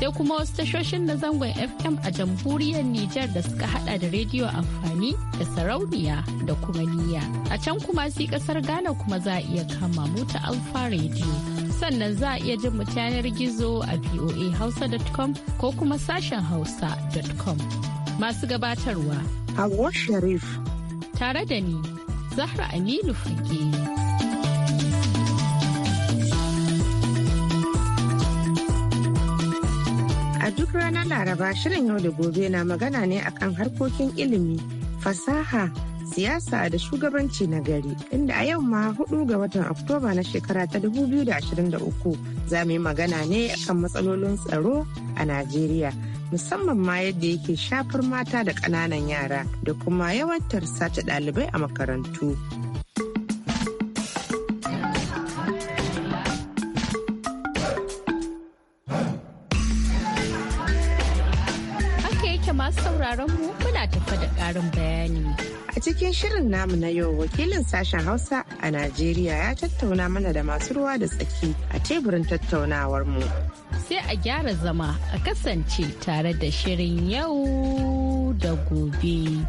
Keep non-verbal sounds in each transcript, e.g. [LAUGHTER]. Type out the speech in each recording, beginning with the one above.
sai kuma wasu tashoshin na zangon fm a jamhuriyar nijar da suka hada da rediyo amfani da sarauniya da kuma niyya a can kuma si kasar ghana kuma za a iya kama mu ta alfa rediyo sannan za a iya jin mu yanar gizo a voahausa.com ko kuma sashen hausa.com masu gabatarwa hawa sharif tare da ni zahra aminu fage duk ranar Laraba shirin yau da gobe na magana ne akan harkokin ilimi, fasaha, siyasa da shugabanci na gari inda a yau ma hudu ga watan Oktoba na shekara ta 2023 za mu yi magana ne akan matsalolin tsaro a Najeriya. musamman ma yadda yake shafar mata da ƙananan yara da kuma yawantar sace ɗalibai a makarantu. bayani. A cikin shirin namu na yau wakilin sashen Hausa a Najeriya ya tattauna mana da masu ruwa da tsaki a teburin tattaunawar mu. Sai a gyara zama a kasance tare da shirin yau da gobe.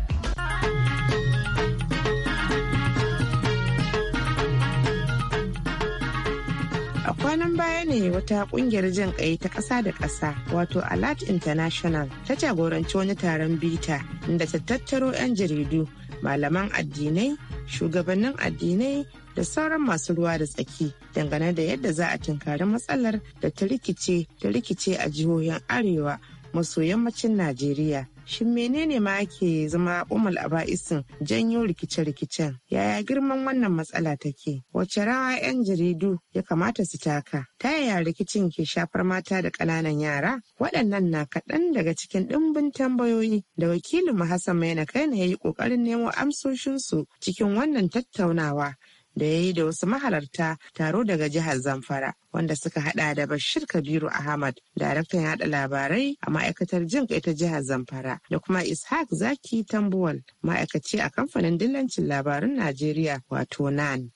kwanan baya ne wata kungiyar jin kai ta kasa da kasa wato alert international ta jagoranci wani taron bita inda ta tattaro 'yan jaridu malaman addinai shugabannin addinai da sauran masu ruwa da tsaki dangane da yadda za a tunkari matsalar da ta rikice ta rikice a jihohin arewa maso yammacin Najeriya. Shin menene ma ke zama umul aba'isin janyo rikice-rikicen? Yaya girman wannan matsala take? Wace rawa 'yan jaridu ya kamata su taka? Ta yaya rikicin ke shafar mata da ƙananan yara? Waɗannan na kaɗan daga cikin ɗimbin tambayoyi da wakilin Hassan Maina Kaina ya yi ƙoƙarin nemo amsoshinsu cikin wannan tattaunawa da ya yi da wasu mahalarta taro daga jihar Zamfara wanda suka hada da Bashir Kabiru Ahmad, daraktan yada labarai a ma'aikatar jin ta jihar Zamfara da kuma Ishaq Zaki Tambuwal, ma'aikaci a kamfanin dillancin labarun Najeriya wato NAN.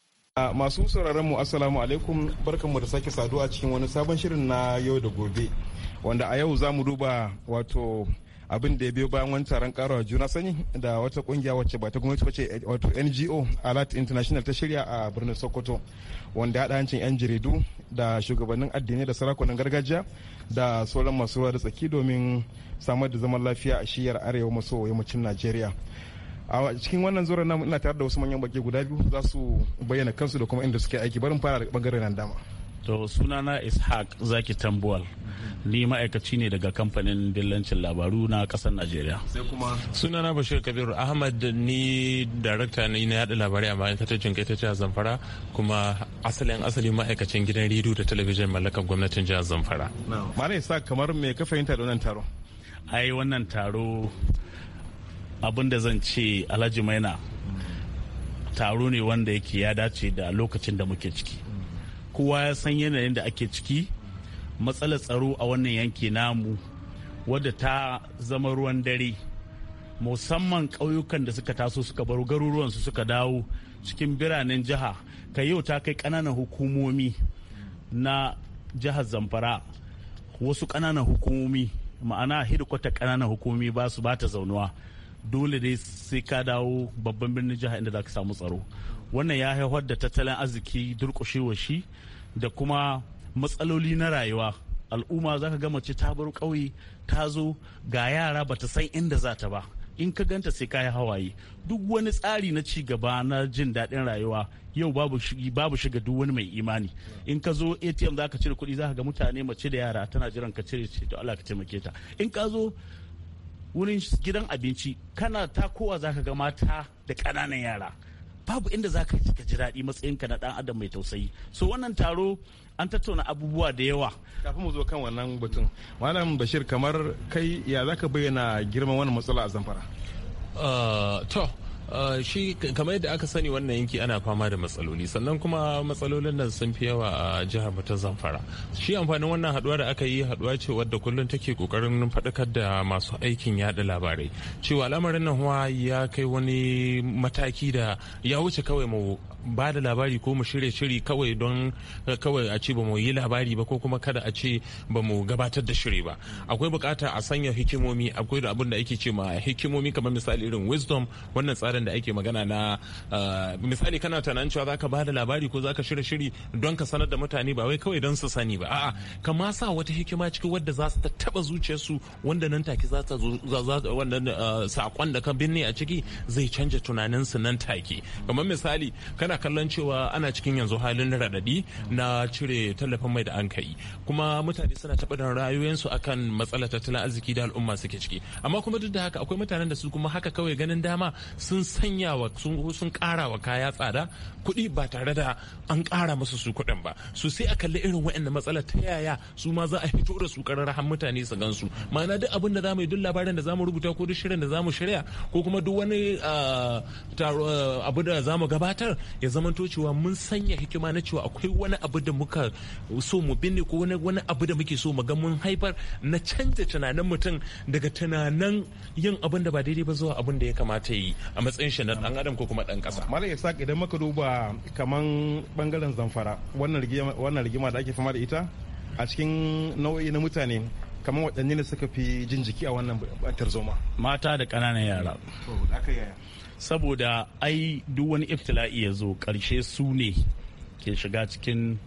masu sauraron mu assalamu alaikum barkanmu da sake saduwa cikin wani sabon shirin na yau da gobe wanda a yau za mu duba wato abin da ya biyo bayan wani taron karawa juna sani da wata kungiya wacce ba ta gwamnati ce eh, wato NGO Alert International ta shirya a birnin Sokoto wanda ya hancin 'yan jaridu da shugabannin addini da sarakunan gargajiya da sauran masu ruwa da tsaki domin samar da zaman lafiya a shiyar arewa maso yammacin Najeriya. a cikin wannan zura namu ina tare da wasu manyan baki guda biyu za su bayyana kansu da kuma inda suke aiki barin fara da bangaren nan dama to sunana ishaq zaki tambuwal ni ma'aikaci ne daga kamfanin dillancin labaru na kasar najeriya sunana bashir kabiru ahmad ni darakta ne na yada labarai a bayan ma'aikatar ta jihar zamfara kuma asalin asali ma'aikacin gidan rediyo da talabijin mallakar gwamnatin jihar zamfara mara sa kamar me ka fahimta da wannan taro ai wannan taro abin da zan ce alhaji maina taro ne wanda yake ya dace da lokacin da muke ciki mm. kowa ya san yanayin da ake ciki matsalar tsaro a wannan yanki namu wadda ta zama ruwan dare musamman ƙauyukan da suka taso suka baro garuruwansu suka dawo cikin biranen jiha ka yau ta kai ƙananan hukumomi na jihar zamfara wasu ƙananan hukumomi ma'ana hidikwata ƙananan hukumomi ba su ba ta zaunuwa dole dai sai ka dawo babban birnin jiha inda za ka samu tsaro wannan ya haifar da tattalin arziki durƙushewa shi da kuma matsaloli na rayuwa al'umma za ka ga mace ta bar ƙauye ta zo ga yara ba ta san inda za ta ba in ka ganta sai kayi hawaye duk wani tsari na ci gaba na jin daɗin rayuwa yau babu babu shiga duk wani mai imani in ka zo atm za ka cire kuɗi za ka ga mutane mace da yara tana jiran ka cire ce to Allah ka taimake ta in ka zo wurin gidan abinci kana takowa za ka ga mata da ƙananan yara babu inda za ka ji daɗi matsayinka na ɗan adam mai tausayi so wannan taro an tattauna abubuwa da yawa kafin mu zo kan wannan batun malam bashir kamar kai ya zaka ka bayyana girman wannan matsala a zamfara uh, to Ah, shi kamar yadda aka sani wannan yanki ana fama da matsaloli sannan kuma matsalolin nan sun fi yawa a jihar mu ta zamfara shi amfanin wannan haduwa da aka yi haduwa ce wadda kullum take kokarin faɗakar da masu aikin yada labarai cewa al'amarin nan ya kai wani mataki da ya wuce kawai mu ba da labari ko mu shirya shiri kawai don eh, kawai a ce ba mu yi labari ba ko kuma kada a ce ba mu gabatar da shiri ba akwai bukata a sanya hikimomi akwai da abin da ake ce ma hikimomi kamar misali irin wisdom wannan tsarin da ake magana na eh, misali kana tunanin cewa zaka ba da labari ko zaka shirya shiri don ka sanar da mutane ba wai kawai don su sani ba a'a ka ma sa wata hikima cikin wadda za su taba zuciyarsu wanda nan take za ta wannan eh, sakon da ka binne a ciki zai canja tunaninsu nan take kamar misali kana a kallon cewa ana cikin yanzu halin raɗaɗi na cire tallafin mai da an kai kuma mutane suna taɓa da rayuwarsu akan matsalar tattalin arziki da al'umma suke ciki amma kuma duk da haka akwai mutanen da su kuma haka kawai ganin dama sun sanya wa sun ƙara wa kaya tsada kuɗi ba tare da an kara musu su kuɗin ba su sai a kalli irin waɗannan matsalar ta yaya su ma za a fito da su ƙararrahan mutane su gansu ma'ana duk abin da za mu yi duk labarin da za mu rubuta ko duk shirin da za mu shirya ko kuma duk wani ah, ah, abu da za mu gabatar ya zamanto cewa mun sanya hikima na cewa akwai wani abu da muka so mu binne ko wani abu da muke so mu ga mun haifar na canza tunanin mutum daga tunanin yin abin da ba daidai ba zuwa abin da ya kamata yi a matsayin shi na dan adam ko kuma dan kasa ya saka idan muka duba kaman bangaren zamfara wannan rigima wannan rigima da ake fama da ita a cikin nau'i na mutane kamar waɗanne ne suka fi jin jiki a wannan tarzoma mata da ƙananan yara saboda ai duk wani iftila'i ya zo ƙarshe su ne ke shiga cikin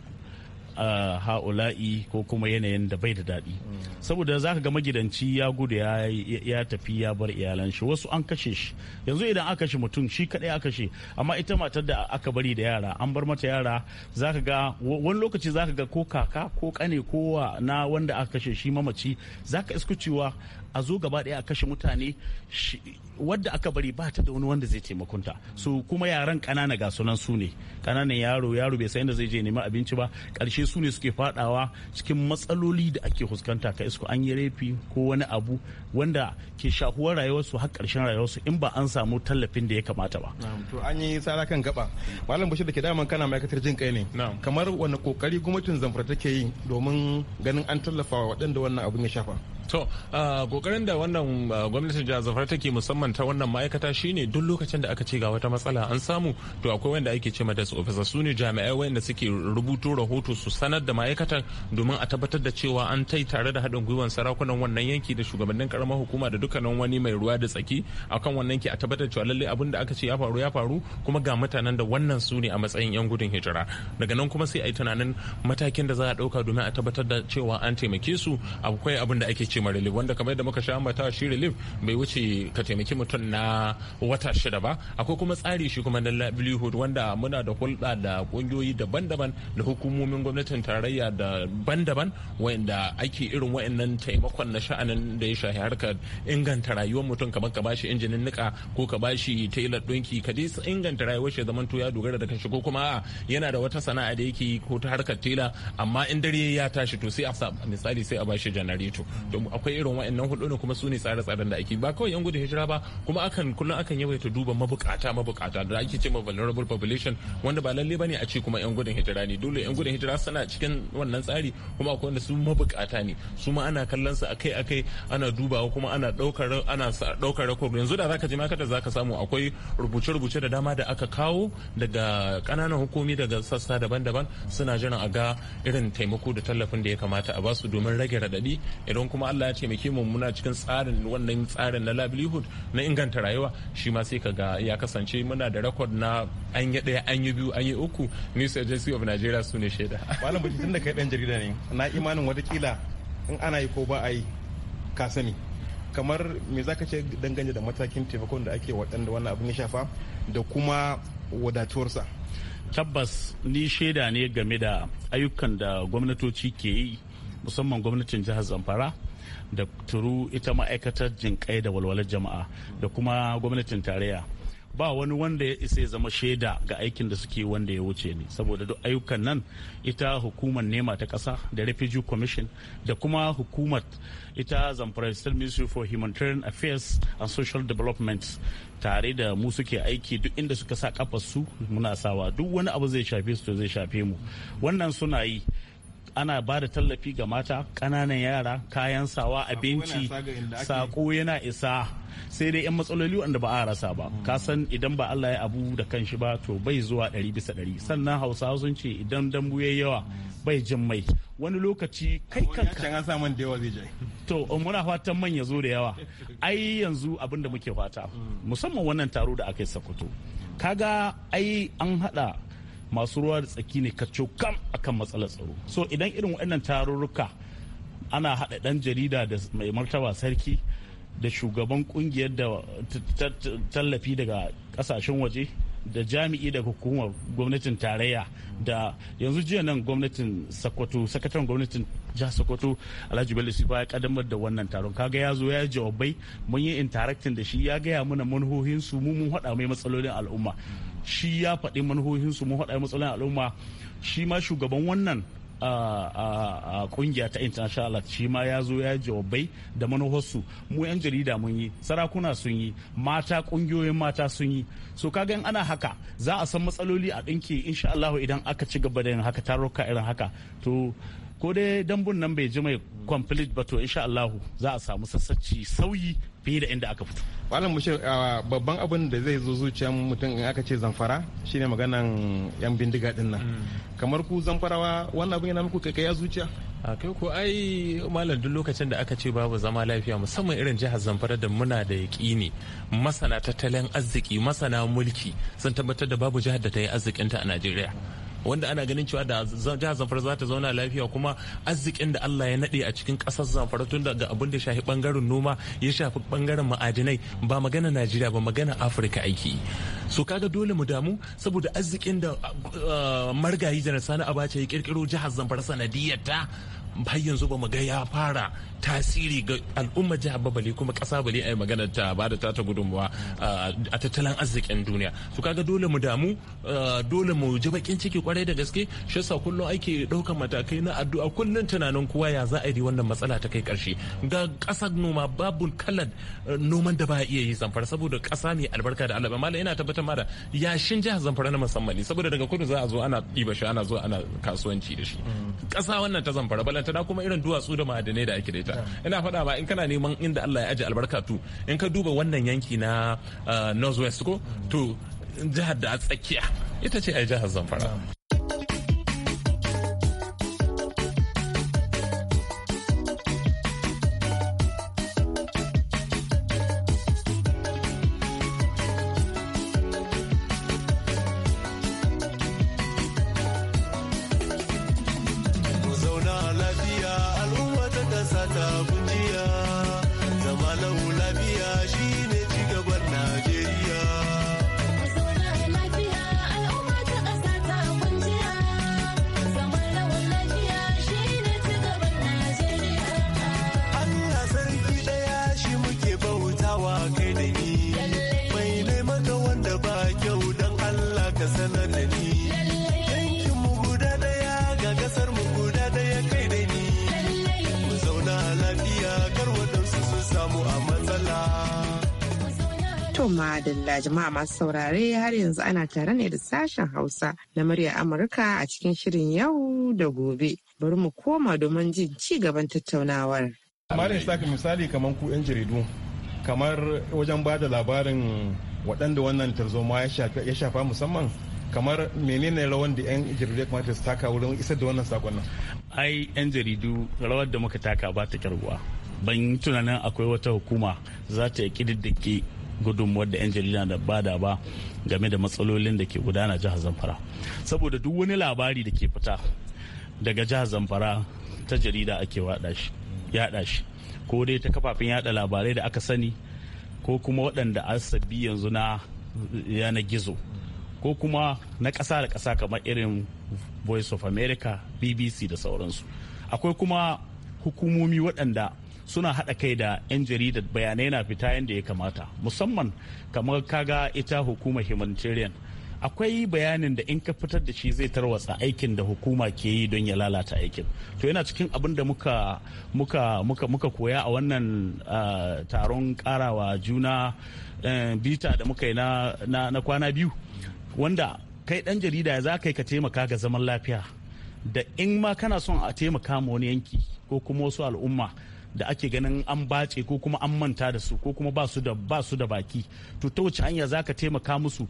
ha'ula'i ko kuma yanayin da bai da daɗi saboda za ka ga magidanci ya gudu ya tafi ya bar iyalan shi wasu an kashe shi yanzu idan aka kashe mutum shi kaɗai aka kashe amma ita matar da aka bari da yara an bar mata yara za ka ga wani lokaci za ka ga ko kaka ko kane kowa na wanda aka kashe shi mamaci za ka isku cewa a zo gaba ɗaya a kashe mutane wadda aka bari ba ta da wani wanda zai taimakunta su kuma yaran ƙanana ga sunan su ne ƙananan yaro yaro bai san inda zai je neman abinci ba ƙarshe su ne suke fadawa cikin matsaloli da ake fuskanta ka isko an yi rafi ko wani abu wanda ke shahuwar rayuwarsu har karshen rayuwarsu in ba an samu tallafin da ya kamata ba. to an yi tsara kan gaba malam bashir da ke daman kana ma'aikatar jin kai ne kamar wani kokari gwamnatin zamfara take yi domin ganin an tallafa wa waɗanda wannan abun ya shafa. To, kokarin da wannan gwamnatin jihar Zafar take musamman ta wannan ma'aikata shine duk lokacin da aka ce ga wata matsala an samu to akwai wanda ake ce mata ofisa su ne jami'ai wanda suke rubuto rahoto su sanar da ma'aikatan domin a tabbatar da cewa an tai tare da haɗin gwiwan sarakunan wannan yanki da shugabannin karamar hukuma da dukkanin wani mai ruwa da tsaki akan wannan yanki a tabbatar cewa lalle abin da aka ce ya faru ya faru kuma ga mutanen da wannan su ne a matsayin yan gudun hijira daga nan kuma sai a yi tunanin matakin da za a ɗauka domin a tabbatar da cewa an taimake su akwai abin da ake ce wuce ma relief wanda kamar yadda muka sha ambata shi relief bai wuce ka taimaki mutum na wata shida ba akwai kuma tsari shi kuma na livelihood wanda muna da hulɗa da ƙungiyoyi daban-daban da hukumomin gwamnatin tarayya daban-daban wanda ake irin wa'annan taimakon na sha'anin da ya shafi harkar inganta rayuwar mutum kamar ka bashi injinin nika ko ka bashi tailor ɗinki ka dai inganta rayuwar shi zaman ya dogara da kanshi ko kuma yana da wata sana'a da yake ko ta harkar tela amma in dare ya tashi to sai a misali sai a bashi janareto to akwai irin wa'annan hudu ne kuma su ne tsare-tsaren da ake ba kawai yan gudun hijira ba kuma akan kullum akan yawaita duba mabukata mabukata da ake ce ma vulnerable population wanda ba lalle bane a ce kuma yan gudun hijira ne dole yan gudun hijira suna cikin wannan tsari kuma akwai wanda su mabukata ne su ma ana kallon su akai-akai ana dubawa kuma ana daukar ana daukar yanzu da zaka je kada zaka samu akwai rubuce-rubuce da dama da aka kawo daga kananan hukumi daga sassa daban-daban suna jiran a ga irin taimako da tallafin da ya kamata a basu domin rage radadi idan kuma Allah ya taimake mu muna cikin tsarin wannan tsarin na livelihood na inganta rayuwa shi ma sai kaga ya kasance muna da record na an yi daya an yi biyu an yi uku News Agency of Nigeria su ne shaida [LAUGHS] malam baji tun da kai dan jarida ne na imanin watakila in ana yi ko ba a yi ka sani kamar me zaka ce dangane da matakin taimakon da ake waɗanda wannan abin ya shafa da kuma wadatuwarsa tabbas ni shaida ne game da ayyukan da gwamnatoci ke yi musamman gwamnatin jihar zamfara da turu ita ma'aikatar jinƙai da walwalar jama'a da kuma gwamnatin tarayya ba wani wanda ya isa ya zama shaida ga aikin da suke wanda ya wuce ne saboda duk ayyukan nan ita hukumar nema ta ƙasa da refugee commission da kuma hukumar ita zamfara ministry for humanitarian affairs and social development tare da mu suke aiki duk inda suka sa kafar su muna sawa duk wani abu zai shafe su to zai shafe mu wannan suna yi ana ba da tallafi ga mata ƙananan yara kayan sawa abinci sako yana isa sai dai 'yan matsaloli wanda ba a rasa ba ka san idan ba Allah ya abu da kanshi ba to bai zuwa ɗari bisa ɗari sannan hausawa sun ce idan dambu ya yawa bai jin mai wani lokaci kai kanka sa da yawa zai jai to muna fatan man ya zo da yawa ai yanzu abin da muke fata musamman wannan taro da aka yi Sokoto kaga ai an hada masu ruwa da tsaki ne kacce kam akan matsalar tsaro so idan irin waɗannan tarurruka ana haɗa ɗan jarida da mai martaba sarki da shugaban kungiyar da tallafi daga ƙasashen waje da jami'i da hukumar gwamnatin tarayya da yanzu jiya nan gwamnatin sokoto sakataren gwamnatin jihar sokoto alhaji bello sifa ya kaddamar da wannan taron kaga ya zo ya jawabai mun yi interacting da shi ya gaya mana manhohin su mu mun hada mai matsalolin al'umma shi ya faɗi manhohin su mun hada mai matsalolin al'umma shi ma shugaban wannan a kungiya ta international shi ma ya zo ya jawabai da manuhosu mu 'yan jarida mun yi sarakuna sun yi mata kungiyoyin mata sun yi so kaga in ana haka za a san matsaloli a ɗinki insha Allah idan aka ci gaba da yin haka taruka irin haka to ko dai dambun nan bai ji mai complete ba to insha Allah za a samu sassaci sauyi fiye da inda aka fito. Malam Bashir babban abin da zai zo zuciyar mutum in aka ce zamfara shine maganan yan bindiga din nan. Mm. Kamar ku zamfarawa wannan abin yana muku kai ya zuciya? A kai ko ai malam duk lokacin da aka ce babu zama lafiya musamman irin jihar Zamfara da muna da yaƙini masana tattalin arziki masana mulki sun tabbatar da babu jihar da ta yi arzikinta a Najeriya. wanda ana ganin cewa da jihar zamfara za ta zauna lafiya kuma arzikin da allah ya naɗe a cikin ƙasar zamfara tun daga abin da shafi ɓangaren noma ya shafi ɓangaren ma'adinai ba magana najeriya ba magana afirka aiki so kaga dole mu damu saboda arzikin da uh, margayi janar sani abacha ya kirkiro jihar zamfara sanadiyar ta har yanzu ba mu ga ya fara tasiri ga al'umma jihar babali kuma ƙasa bali a yi magana ta ba da tata gudunmawa a tattalin arzikin duniya su kaga dole mu damu dole mu ji bakin ciki kwarai da gaske shi sa kullum ake ɗaukar matakai na addu'a kullum tunanin kowa ya za a yi wannan matsala ta kai karshe ga ƙasar noma babu kalar noman da ba a iya yi zamfara saboda ƙasa mai albarka da alaba malam ina tabbatar ma da yashin jihar zamfara na musamman ne saboda daga kudu za a zo ana ɗiba shi ana zo ana kasuwanci da shi mm. ƙasa wannan ta zamfara balantana kuma irin duwatsu da ma'adanai da ake da ita ina faɗa ba in kana neman inda Allah ya aje albarkatu in ka duba wannan yanki na ah, northwest ko to jihar da tsakiya ita ce a jihar zamfara To madalla jama'a masu saurare har yanzu ana tare ne da sashen Hausa na murya Amurka a cikin shirin yau da gobe. Bari mu koma domin jin ci gaban tattaunawar. Malam Saka misali kamar ku 'yan jaridu, kamar wajen ba da labarin waɗanda wannan tarzoma ya shafa musamman kamar menene rawan da 'yan jaridu ya kamata su taka wurin isar da wannan sakonnin. Ai 'yan jaridu rawar da muka taka ba ta kyarguwa. Ban tunanin akwai wata hukuma za ta ƙididdike gudunmuwar da 'yan jarida da bada ba game da matsalolin da ke gudana jihar zamfara saboda duk wani labari da ke fita daga jihar zamfara ta jarida ake yada shi ko dai ta kafafen yada labarai da aka sani ko kuma waɗanda an sabbi yanzu na yanar gizo ko kuma na ƙasa da ƙasa kamar irin voice of america bbc da sauransu akwai kuma hukumomi waɗanda suna haɗa kai da 'yan jaridar bayanai na fita yadda ya kamata musamman kamar kaga ita hukumar humanitarian akwai bayanin da in ka fitar da shi zai tarwatsa aikin da hukuma ke yi don ya lalata aikin to yana cikin abin da muka koya a wannan taron karawa juna eh, bita da muka yi na, kwana biyu wanda kai dan jarida za ka yi ka taimaka ga zaman lafiya da in ma kana son a taimaka wani yanki ko kuma wasu al'umma da ake ganin an bace ko kuma an manta da su ko kuma ba su da baki to ta wace hanya zaka taimaka musu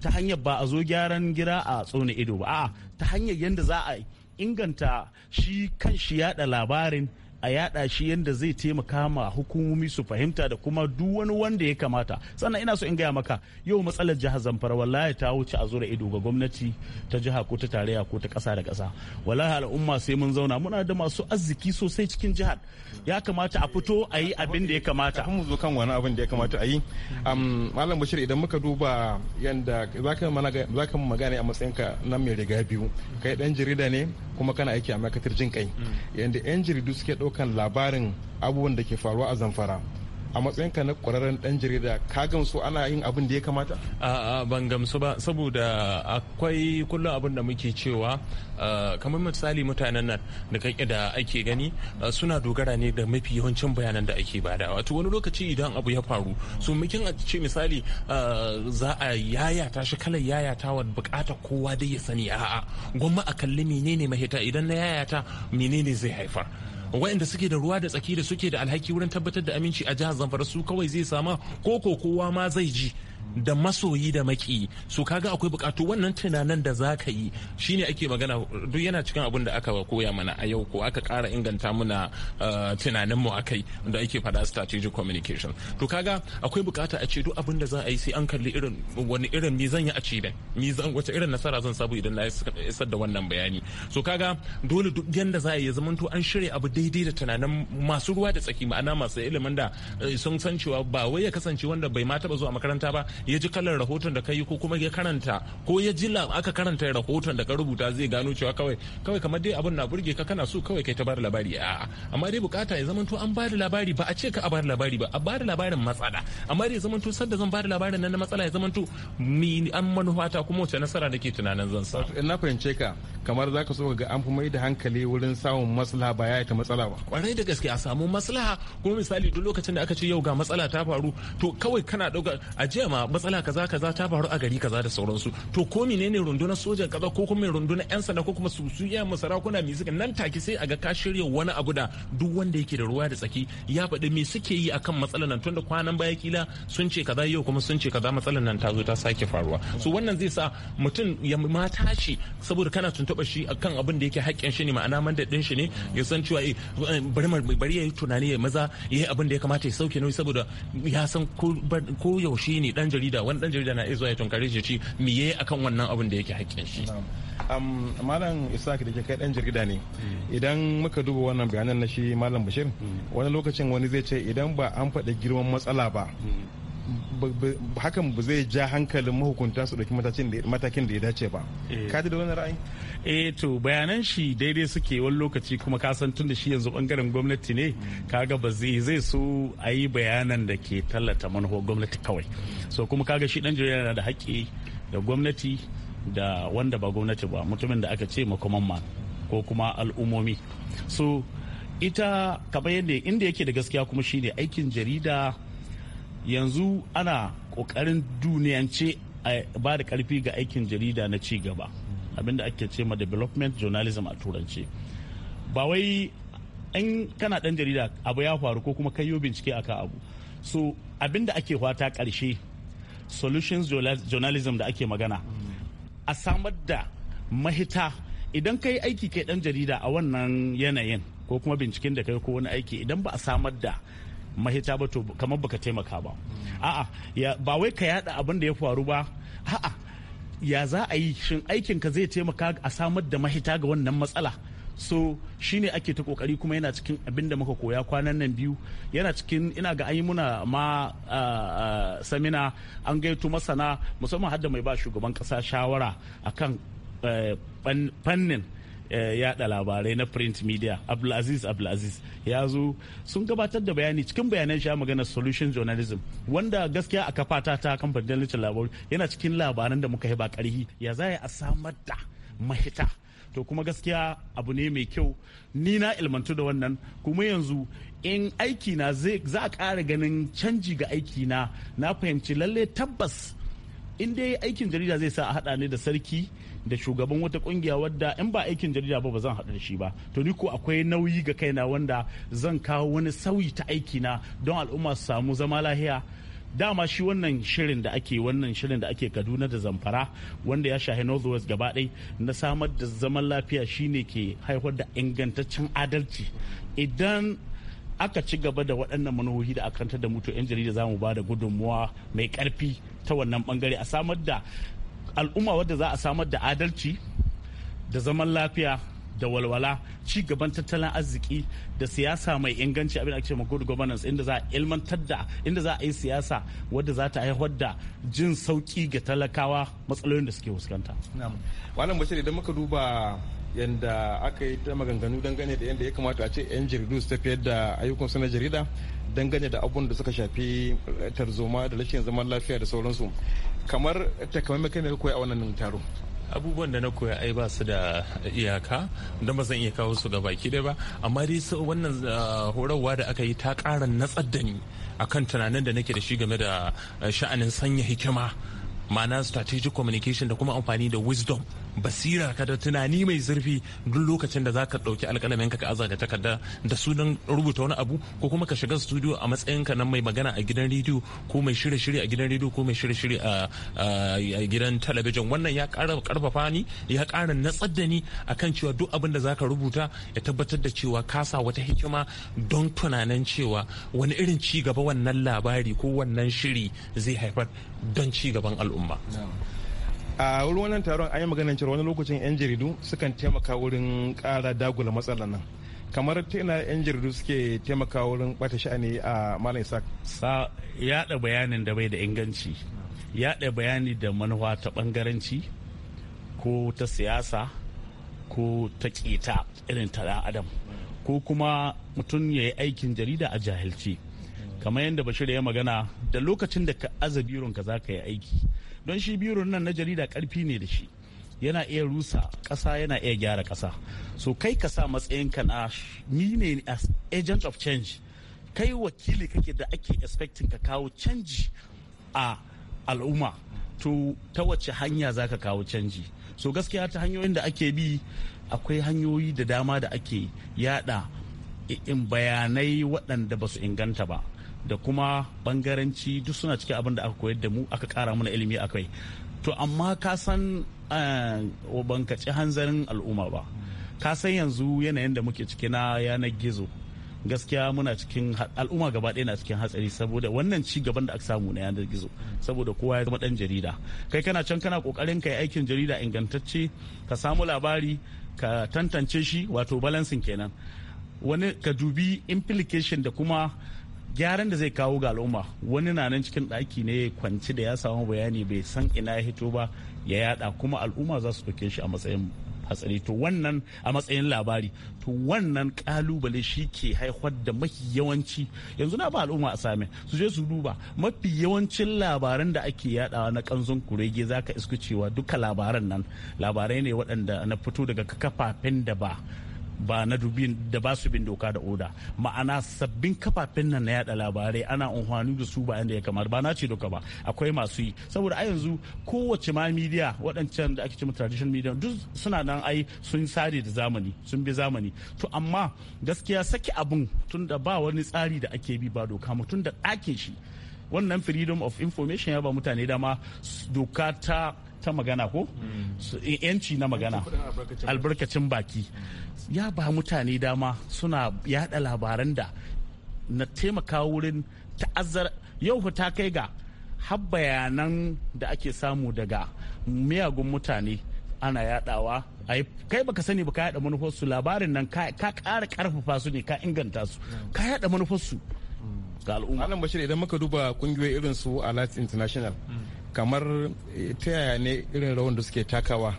ta hanyar ba a zo gyaran gira a tsone ido ba a'a ta hanyar yadda za a inganta shi kan shi yada labarin a yada shi yadda zai taimaka ma hukumomi su fahimta da kuma duk wani wanda ya kamata sannan ina so in gaya maka yau matsalar jihar zamfara wallahi ta wuce a zura ido ga gwamnati ta jiha ko ta tarayya ko ta kasa da kasa wallahi al'umma sai mun zauna muna da masu arziki sosai cikin jihar ya kamata a fito a yi abin da ya kamata kafin zo kan wani abin da ya kamata a yi malam bashir idan muka duba yanda zaka mana magana a matsayinka nan mai riga biyu kai dan jarida ne kuma kana aiki a ma'aikatar jin kai mm. yadda 'yan jaridu suke ɗaukan labarin abubuwan da ke faruwa a zamfara a matsayinka na kwararren dan jarida ka gamsu ana yin abin da ya kamata a ban gamsu ba saboda akwai kullum abin da muke cewa eh, kamar misali mutanen nan da kake da ake gani eh, suna dogara ne da mafi yawancin bayanan da ake bada wato wani lokaci idan abu ya faru su mukin a ce misali eh, za a yayata shi kalar yayata wa bukata kowa dai ya sani a'a gwamma a kalli menene mahita idan na yayata menene zai haifar waɗanda suke da ruwa da tsaki da suke da alhaki wurin tabbatar da aminci a jihar zamfara su kawai zai sama ko ko kowa ma zai ji da masoyi da maki su kaga akwai bukatu wannan tunanin da za ka yi shine ake magana duk yana cikin abin da aka koya mana a yau ko aka kara inganta muna eh, tunanin mu akai da ake fada strategic communication to kaga akwai bukata a ce duk abin da za a yi sai an kalli irin wani irin me zan yi a cibin. me zan wace irin nasara zan sabu idan na isar da wannan bayani so kaga dole duk yanda za a yi zamanto an shirya abu daidai da tunanin masu ruwa da tsaki ma'ana masu ilimin da eh, sun san cewa ba wai ya kasance wanda bai ma taba zuwa makaranta ba ya ji kalar rahoton da ka yi ko kuma ya karanta ko ya ji aka karanta rahoton da ka rubuta zai gano cewa kawai kawai kamar dai abin na burge ka kana so kawai kai ta bada labari a amma dai bukata ya zamanto an bada labari ba a ce ka a bada labari ba a bada labarin matsala amma dai ya zamanto sadda zan bada labarin nan na matsala ya zamanto mi an manufata kuma wace nasara nake tunanin zan sa. na fahimce ka kamar zaka so ga an fi mai da hankali wurin samun maslaha ba ya ta matsala ba kwarai da gaske a samu maslaha kuma misali duk lokacin da aka ce yau ga matsala ta faru to kawai kana dauka a jiya ma matsala kaza kaza ta faru a gari kaza da sauransu to ko ne rundunar sojan kaza ko kuma rundunar yan sanda ko kuma su su yan kuna me suka nan take sai a ga ka shirya wani abu da duk wanda yake da ruwa da tsaki ya faɗi me suke yi akan matsalar nan tunda kwanan baya kila sun ce kaza yau kuma sun ce kaza matsalar nan ta zo ta sake faruwa so wannan zai sa mutum ya ma tashi saboda kana tuntuɓa shi akan abin da yake haƙƙin shi ne ma'ana mandaɗin shi ne ya san cewa eh, bari ya yi tunani ya maza ya yi abin da ya kamata ya sauke nauyi saboda ya san ko yaushe ne dan jarida wani dan jarida na iya zuwa ya tunkare shi ci miye akan wannan abin da yake haƙƙin shi malam isaac da ke kai dan jarida ne hmm. idan muka duba wannan bayanan na shi malam bashir hmm. wani lokacin wani zai ce idan ba an faɗa girman matsala hmm. ba hakan ba zai ja hankalin mahukunta su ɗauki matakin da ya dace ba eh. ka da wani ra'ayi eh to bayanan shi daidai suke wani lokaci kuma ka san tun da shi yanzu bangaren gwamnati ne kaga ba zai so a yi bayanan da ke tallata manufar gwamnati kawai so kuma kaga shi dan jarida yana da haƙƙi da gwamnati da wanda ba gwamnati ba mutumin da aka ce ma ko kuma al'ummomi so ita kamar yadda inda yake da gaskiya kuma shine aikin jarida yanzu ana kokarin duniyance a ba da karfi ga aikin jarida na ci gaba abinda ake ce ma development journalism a turanci ba wai in kana dan jarida abu ya faru ko kuma kayo bincike akan abu so abinda ake fata karshe solutions journalism da ake magana a samar da mahita idan ka aiki kai dan jarida a wannan yanayin ko kuma binciken da kai ko wani aiki idan ba a samar da mahita ba to kamar baka taimaka ba a'a ba wai ka yada abin da ya faru ba a'a ya za a yi shin aikinka zai taimaka a samar da mahita ga wannan matsala so shine ake ta kokari kuma yana cikin abin da muka koya kwanan nan biyu yana cikin ina ga ayi muna ma uh, uh, samina an gaito masana musamman hadda mai ba shugaban kasa shawara akan eh, fannin Eh, yada labarai na print media abdulaziz abdulaziz ya zo sun gabatar da bayani cikin bayanan sha magana solution journalism wanda gaskiya a kafata ta kamfanin dalilin labarai yana cikin labaran da muka yi ba karhi ya za a samar da mahita to kuma gaskiya abu ne mai kyau ni na ilmantu da wannan kuma yanzu in aiki na za a ƙara ganin canji ga aiki na na fahimci lalle tabbas in dai aikin jarida zai sa a haɗa ne da sarki da shugaban wata kungiya wadda in ba aikin jarida ba ba zan haɗu da shi ba to ni ko akwai nauyi ga kaina wanda zan kawo wani sauyi ta aiki na don al'umma su samu zama lahiya dama shi wannan shirin da ake wannan shirin da ake kaduna da zamfara wanda ya shahi northwest gabaɗai na samar da zaman lafiya shine ke haifar da ingantaccen adalci idan aka ci gaba da waɗannan manohohi da akantar da mutu 'yan jarida za mu ba da gudunmuwa mai karfi ta wannan bangare a samar da al'umma wadda za a samar da adalci da zaman lafiya da walwala ci gaban tattalin arziki da siyasa mai inganci abin ake ma good governance inda za a ilmantar da inda za a yi siyasa wadda za ta haifar da jin sauki ga talakawa matsalolin da suke fuskanta. Wannan bashir idan muka duba yadda aka yi ta maganganu dangane da yadda ya kamata a ce 'yan jaridu su tafiyar da ayyukan su na jarida dangane da abun da suka shafi tarzoma da rashin zaman lafiya da sauransu kamar takamaiman kai da koya a wannan taro abubuwan da na koya ai ba su da iyaka don ba zan iya kawo su ga baki dai ba amma dai wannan ah, horarwa da aka yi ta ƙara natsar da ni akan tunanin da nake da shi game da ah, sha'anin sanya hikima ma'ana strategic communication da kuma amfani da wisdom basira ka da tunani mai zurfi duk lokacin da zaka dauki alkalamin ka ka aza takarda da sunan rubuta wani abu ko kuma ka shiga studio a matsayin ka nan mai magana a gidan rediyo ko mai shirye shirye a gidan rediyo ko mai shirye shirye a gidan talabijin wannan ya kara karfafa ni ya kara natsar da ni akan cewa duk abin da zaka rubuta ya tabbatar da cewa ka sa wata hikima don tunanin cewa wani irin ci gaba wannan labari ko wannan shiri zai haifar don ci gaban al'umma. a wurin wannan taron an yi maganar cewa wani lokacin 'yan jaridu sukan taimaka wurin kara dagula matsala nan kamar tana 'yan jaridu suke taimaka wurin bata sha'ani a malam isa sa yada bayanin da bai da inganci yada bayani da manuwa ta bangaranci ko ta siyasa ko ta keta irin ta dan adam ko kuma mutum ya yi aikin jarida a jahilci kamar yadda bashir ya magana da lokacin da ka aza biron ka za ka yi aiki don shi biro nan na jarida karfi ne da shi yana iya rusa ƙasa yana iya gyara ƙasa so kai ka sa matsayinka na ni ne as agent of change kai wakili kake da ake expecting ka kawo canji a al'umma to ta wace hanya za ka kawo canji so gaskiya ta hanyoyin da ake bi akwai hanyoyi da dama da ake yada bayanai waɗanda ba su inganta ba da kuma bangaranci duk suna cikin abin da aka koyar da mu aka kara mana ilimi akai to amma ka san eh, ban kaci hanzarin al'umma ba ka san yanzu yanayin da muke ciki na yanar gizo gaskiya muna cikin al'umma gaba ɗaya na cikin hatsari saboda wannan ci gaban da aka samu na yanar gizo saboda kowa ya zama dan jarida kai kana can kana kokarin ka yi aikin jarida ingantacce ka samu labari ka tantance shi wato balansin kenan wani ka dubi implication da kuma gyaran da zai kawo ga al'umma wani na nan cikin ɗaki ne kwanci da ya samu bayani bai san ina ya hito ba ya yada kuma al'umma za su ɗauke shi a matsayin hatsari to wannan a matsayin labari to wannan kalubale shi ke haifar da mafi yawanci yanzu na ba al'umma a same su je su duba mafi yawancin labaran da ake yadawa na kanzon kurege zaka iskucewa duka labaran nan labarai ne waɗanda na fito daga kafafen da ba ba na dubin da ba su bin doka da oda ma'ana sabbin kafafen nan na yada labarai ana unhwani da su ba yanda ya kamata ba na ce doka ba akwai masu yi saboda a yanzu kowace ma media waɗancan da ake cewa traditional media duk suna nan ai sun sare da zamani sun bi zamani to amma gaskiya saki abun tunda ba wani tsari da ake bi ba doka mutum da ɗakin shi wannan freedom of information ya ba mutane dama doka ta ta magana ko mm. eh, yanci na magana albarkacin baki mm. ya ba mutane dama suna yada labaran da na taimaka wurin ta'azzar yau ta kai ga har bayanan da ake samu daga miyagun mutane ana yadawa kai baka sani ba ka yada manufarsu labarin nan ka kara karfafa su ne ka inganta su mm. ka yada manufarsu ga al'umma. Alan Bashir idan muka duba kungiyoyi irin su Alert International kamar eh, ta yaya ne irin rawan da suke takawa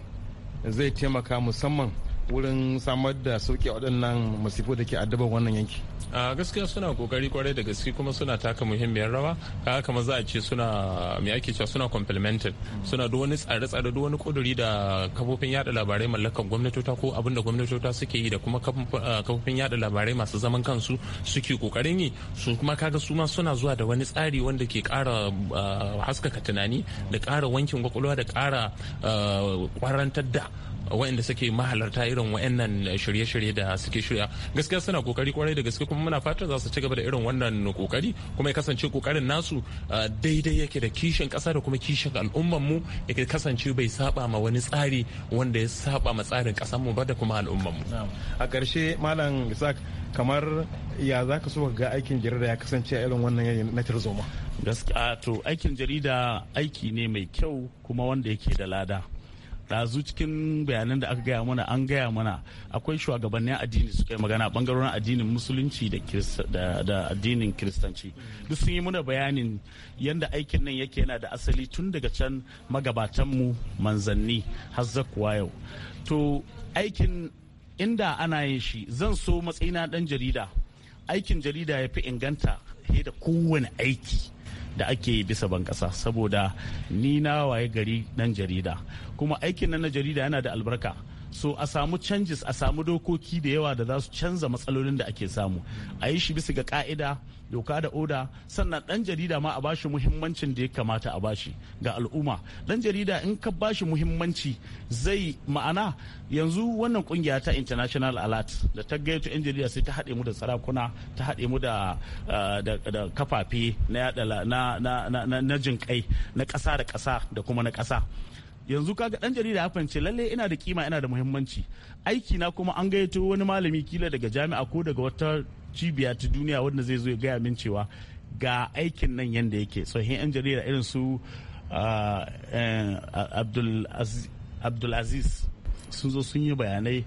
zai taimaka musamman wurin samar da sauke waɗannan masifo da ke addaban wannan yanki a gaskiya suna kokari kwarai da gaske kuma suna taka muhimmiyar rawa kaga kamar za a ce suna me ake cewa suna complemented suna da wani tsare-tsare da wani kuduri da kafofin yada labarai mallakar gwamnatota ko abin da gwamnatota suke yi da kuma kafofin yada labarai masu zaman kansu suke kokarin yi su kuma kaga su ma suna zuwa da wani tsari wanda ke kara haskaka tunani da kara wankin kwakwalwa da kara kwarantar da waɗanda suke mahalarta irin waɗannan shirye-shirye da suke shirya gaskiya suna kokari kwarai da gaske kuma muna fatan za su ci gaba da irin wannan kokari kuma ya kasance kokarin nasu daidai yake da kishin ƙasa da kuma kishin al'umman mu yake kasance bai saba ma wani tsari wanda ya saba ma tsarin ƙasar mu ba da kuma al'umman mu a ƙarshe malam Isaac kamar ya za ka so ga aikin jarida ya kasance a irin wannan yanayin na tirzoma gaskiya to aikin jarida aiki ne mai kyau kuma wanda yake da lada ɗazu cikin bayanan da aka gaya mana an gaya mana akwai shugabannin addini suka yi magana bangarorin addinin musulunci da addinin kiristanci duk sun yi muna bayanin yadda aikin nan yake yana da asali tun daga can magabatan mu manzanni har yau to aikin inda ana yin shi zan so matsayina dan jarida aikin jarida ya fi inganta da kowane aiki da ake bisa ban kasa saboda ni na waye gari dan jarida kuma aikin nan na jarida yana da albarka so a samu changes a samu dokoki da yawa da za su canza matsalolin da ake samu a yi shi bisa ga ka'ida doka da oda sannan dan jarida ma a bashi muhimmancin da ya kamata a bashi ga al'umma dan jarida in ka bashi muhimmanci zai ma'ana yanzu wannan kungiya ta international alert da ta gayyato yan jarida sai ta haɗe mu da sarakuna ta haɗe mu da eh, kafafe na jinƙai na ƙasa da ƙasa da kuma na ƙasa yanzu kaga dan jarida ya fahimci lalle ina da kima ina da muhimmanci aiki na kuma an gayyato wani malami kila daga jami'a ko daga wata cibiya ta duniya wanda zai zo ya gaya min cewa ga aikin nan yanda yake tsohon yan jarida irin su ah, eh, Abdul abdulaziz sun zo sun yi bayanai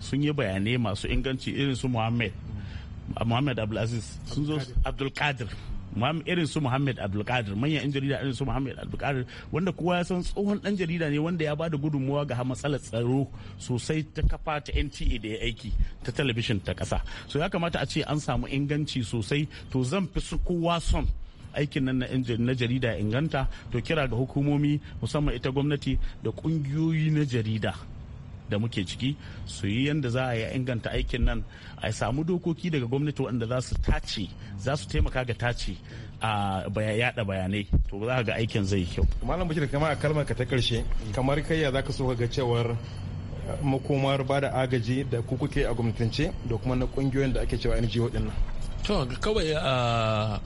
sun yi bayanai masu inganci irin su muhammad muhammad abdulaziz sun zo Abdul kadir. irin su Muhammad Abdulkadir manyan yan jarida irin su Muhammad Abdulkadir wanda kowa ya san tsohon dan jarida ne wanda ya ba da gudunmuwa ga matsalar tsaro sosai ta kafa ta NTA da ya aiki ta talabishin ta kasa so ya kamata a ce an samu inganci sosai to zan fi su kowa son aikin nan na jarida inganta to kira ga hukumomi musamman ita gwamnati da kungiyoyi na jarida da muke ciki su yi yadda za a inganta aikin nan a samu dokoki daga gwamnati wanda za su tace za su taimaka ga tace a yada bayanai to za ga aikin zai kyau malam bashir kama a kalmar ka ta karshe kamar kai za ka so ka ga cewar eh, makomar ba da agaji da kuke a gwamnatance da kuma na kungiyoyin da ake cewa NGO din nan To kawai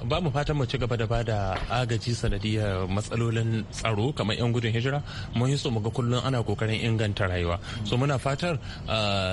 ba mu fatan mu ci gaba da bada agaji sanadiyar matsalolin tsaro kamar 'yan gudun hijira mun yi so mu ga kullum ana kokarin inganta rayuwa. So muna fatar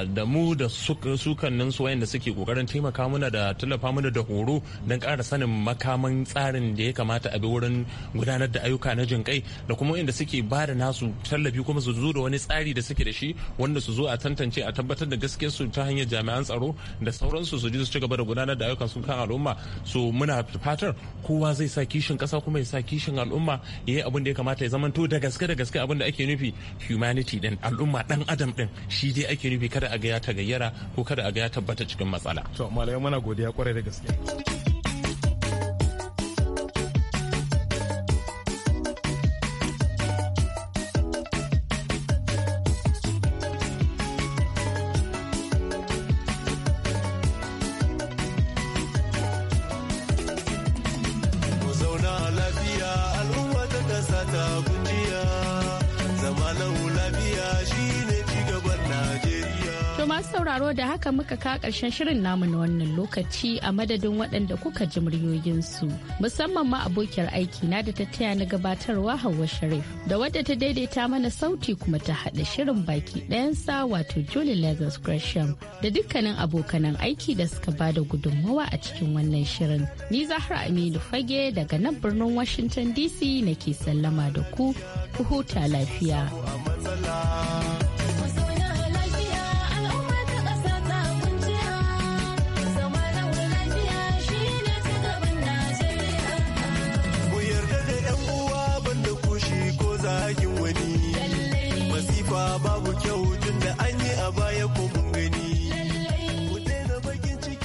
da mu da sukannin su wayanda suke kokarin taimaka muna da tallafa muna da horo don ƙara sanin makaman tsarin da ya kamata a bi wurin gudanar da ayyuka na jin kai da kuma wayanda suke bada da nasu tallafi kuma su zo da wani tsari da suke da shi wanda su zo a tantance a tabbatar da gaskiyar su ta hanyar jami'an tsaro da sauransu su ji su ci gaba da gudanar da ayyukan sun kan al'umma su muna fatar kowa zai sa kishin kasa kuma ya sa kishin al'umma ya yi abin da ya kamata ya zamanto da gaske da gaske abin da ake nufi humanity din al'umma dan adam din shi dai ake nufi kada a ga ya tagayyara ko kada a ga ya tabbata cikin matsala to malai muna godiya kwarai da gaske sauraro da haka muka ka karshen shirin namu na wannan lokaci a madadin waɗanda kuka ji muryoyinsu musamman ma abokiyar aiki na da ta taya na gabatarwa Hauwa Sharif da wadda ta daidaita mana sauti kuma ta haɗa shirin baki ɗayansa wato Julie Lagos Gresham da dukkanin abokanan aiki da suka ba da gudunmawa a cikin wannan shirin. Ni Zahra Aminu Fage daga nan birnin Washington DC nake sallama da ku, ku huta lafiya. Wa babu kyau tun da an yi a baya ko